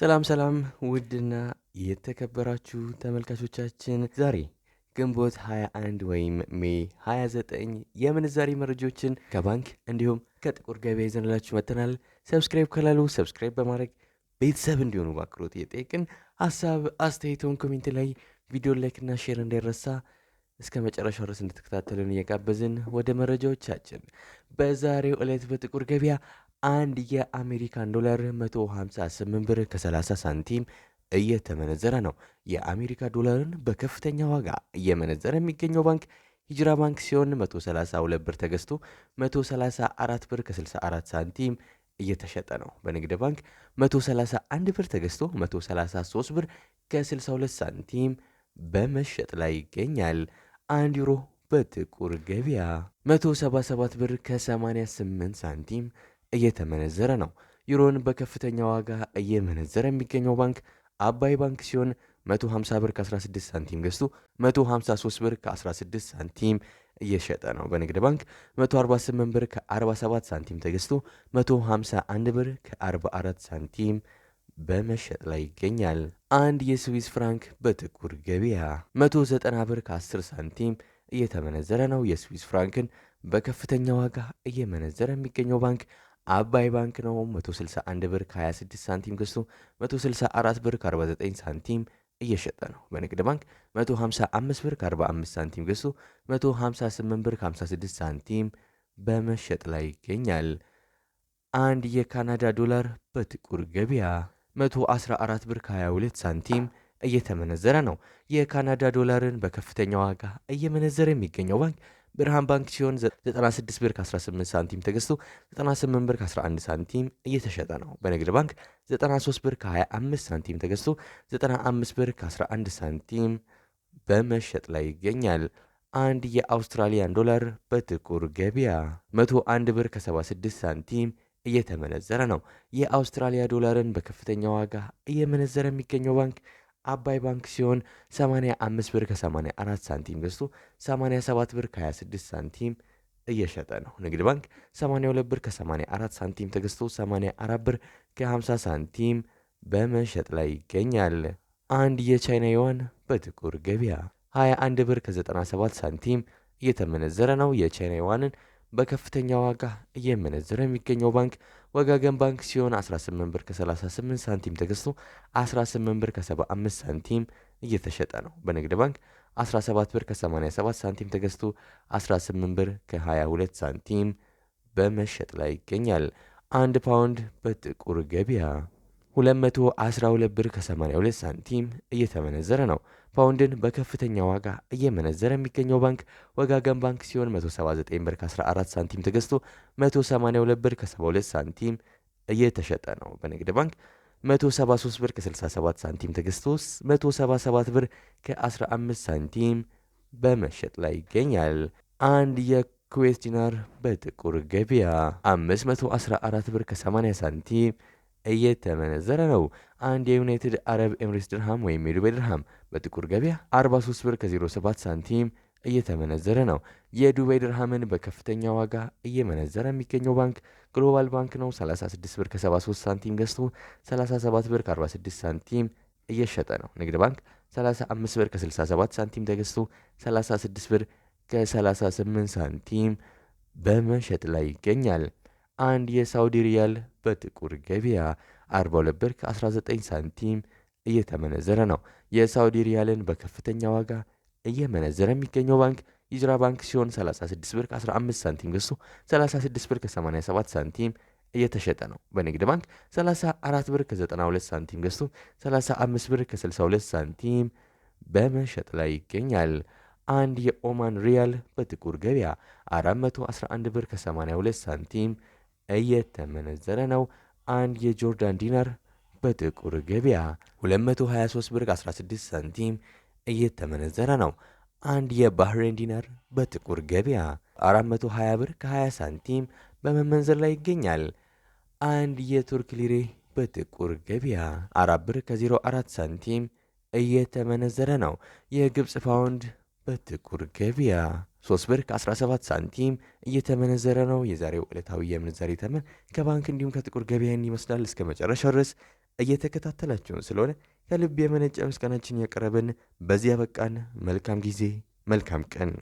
ሰላም ሰላም ውድና የተከበራችሁ ተመልካቾቻችን ዛሬ ግንቦት 21 ወይም ሜ 29 የምንዛሬ መረጃዎችን ከባንክ እንዲሁም ከጥቁር ገበያ ይዘንላችሁ መጥተናል። ሰብስክራይብ ካላሉ ሰብስክራይብ በማድረግ ቤተሰብ እንዲሆኑ በአክብሮት እየጠየቅን ሀሳብ አስተያየቶን ኮሜንት ላይ ቪዲዮ ላይክና ሼር እንዳይረሳ እስከ መጨረሻው ድረስ እንድትከታተሉን እየጋበዝን ወደ መረጃዎቻችን በዛሬው ዕለት በጥቁር ገበያ አንድ የአሜሪካን ዶላር 158 ብር ከ30 ሳንቲም እየተመነዘረ ነው። የአሜሪካ ዶላርን በከፍተኛ ዋጋ እየመነዘረ የሚገኘው ባንክ ሂጅራ ባንክ ሲሆን 132 ብር ተገዝቶ 134 ብር ከ64 ሳንቲም እየተሸጠ ነው። በንግድ ባንክ 131 ብር ተገዝቶ 133 ብር ከ62 ሳንቲም በመሸጥ ላይ ይገኛል። አንድ ዩሮ በጥቁር ገበያ 177 ብር ከ88 ሳንቲም እየተመነዘረ ነው። ዩሮን በከፍተኛ ዋጋ እየመነዘረ የሚገኘው ባንክ አባይ ባንክ ሲሆን 150 ብር ከ16 ሳንቲም ገዝቶ 153 ብር ከ16 ሳንቲም እየሸጠ ነው። በንግድ ባንክ 148 ብር ከ47 ሳንቲም ተገዝቶ 151 ብር ከ44 ሳንቲም በመሸጥ ላይ ይገኛል። አንድ የስዊስ ፍራንክ በጥቁር ገበያ 190 ብር ከ10 ሳንቲም እየተመነዘረ ነው። የስዊስ ፍራንክን በከፍተኛ ዋጋ እየመነዘረ የሚገኘው ባንክ አባይ ባንክ ነው 161 ብር ከ26 ሳንቲም ገዝቶ 164 ብር ከ49 ሳንቲም እየሸጠ ነው። በንግድ ባንክ 155 ብር ከ45 ሳንቲም ገዝቶ 158 ብር ከ56 ሳንቲም በመሸጥ ላይ ይገኛል። አንድ የካናዳ ዶላር በጥቁር ገበያ 114 ብር ከ22 ሳንቲም እየተመነዘረ ነው። የካናዳ ዶላርን በከፍተኛ ዋጋ እየመነዘረ የሚገኘው ባንክ ብርሃን ባንክ ሲሆን 96 ብር ከ18 ሳንቲም ተገዝቶ 98 ብር ከ11 ሳንቲም እየተሸጠ ነው። በንግድ ባንክ 93 ብር ከ25 ሳንቲም ተገዝቶ 95 ብር ከ11 ሳንቲም በመሸጥ ላይ ይገኛል። አንድ የአውስትራሊያን ዶላር በጥቁር ገበያ 101 ብር ከ76 ሳንቲም እየተመነዘረ ነው። የአውስትራሊያ ዶላርን በከፍተኛ ዋጋ እየመነዘረ የሚገኘው ባንክ አባይ ባንክ ሲሆን 85 ብር ከ84 ሳንቲም ገዝቶ 87 ብር ከ26 ሳንቲም እየሸጠ ነው። ንግድ ባንክ 82 ብር ከ84 ሳንቲም ተገዝቶ 84 ብር ከ50 ሳንቲም በመሸጥ ላይ ይገኛል። አንድ የቻይና ዩዋን በጥቁር ገበያ 21 ብር ከ97 ሳንቲም እየተመነዘረ ነው። የቻይና ዩዋንን በከፍተኛ ዋጋ እየመነዘረ የሚገኘው ባንክ ወጋገን ባንክ ሲሆን 18 ብር ከ38 ሳንቲም ተገዝቶ 18 ብር ከ75 ሳንቲም እየተሸጠ ነው። በንግድ ባንክ 17 ብር ከ87 ሳንቲም ተገዝቶ 18 ብር ከ22 ሳንቲም በመሸጥ ላይ ይገኛል። አንድ ፓውንድ በጥቁር ገበያ 212 ብር ከ82 ሳንቲም እየተመነዘረ ነው። ፓውንድን በከፍተኛ ዋጋ እየመነዘረ የሚገኘው ባንክ ወጋገን ባንክ ሲሆን 179 ብር ከ14 ሳንቲም ተገዝቶ 182 ብር ከ72 ሳንቲም እየተሸጠ ነው። በንግድ ባንክ 173 ብር ከ67 ሳንቲም ተገዝቶ 177 ብር ከ15 ሳንቲም በመሸጥ ላይ ይገኛል። አንድ የኩዌት ዲናር በጥቁር ገበያ 514 ብር ከ80 ሳንቲም እየተመነዘረ ነው። አንድ የዩናይትድ አረብ ኤምሬስ ድርሃም ወይም የዱባይ ድርሃም በጥቁር ገበያ 43 ብር ከ07 ሳንቲም እየተመነዘረ ነው። የዱባይ ድርሃምን በከፍተኛ ዋጋ እየመነዘረ የሚገኘው ባንክ ግሎባል ባንክ ነው። 36 ብር ከ73 ሳንቲም ገዝቶ 37 ብር ከ46 ሳንቲም እየሸጠ ነው። ንግድ ባንክ 35 ብር ከ67 ሳንቲም ተገዝቶ 36 ብር ከ38 ሳንቲም በመሸጥ ላይ ይገኛል። አንድ የሳውዲ ሪያል በጥቁር ገበያ 42 ብር ከ19 ሳንቲም እየተመነዘረ ነው። የሳውዲ ሪያልን በከፍተኛ ዋጋ እየመነዘረ የሚገኘው ባንክ ሂጅራ ባንክ ሲሆን 36 ብር 15 ሳንቲም ገዝቶ 36 ብር 87 ሳንቲም እየተሸጠ ነው። በንግድ ባንክ 34 ብር 92 ሳንቲም ገዝቶ 35 ብር 62 ሳንቲም በመሸጥ ላይ ይገኛል። አንድ የኦማን ሪያል በጥቁር ገበያ 411 ብር 82 ሳንቲም እየተመነዘረ ነው። አንድ የጆርዳን ዲናር በጥቁር ገበያ 223 ብር 16 ሳንቲም እየተመነዘረ ነው። አንድ የባህሬን ዲናር በጥቁር ገበያ 420 ብር ከ20 ሳንቲም በመመንዘር ላይ ይገኛል። አንድ የቱርክ ሊሬ በጥቁር ገበያ 4 ብር ከ04 ሳንቲም እየተመነዘረ ነው። የግብፅ ፓውንድ በጥቁር ገበያ 3 ብር ከ17 ሳንቲም እየተመነዘረ ነው። የዛሬው ዕለታዊ የምንዛሬ ተመን ከባንክ እንዲሁም ከጥቁር ገበያን ይመስላል። እስከ መጨረሻው ድረስ እየተከታተላችሁን ስለሆነ ከልብ የመነጨ ምስጋናችን ያቀረብን በዚህ ያበቃን። መልካም ጊዜ፣ መልካም ቀን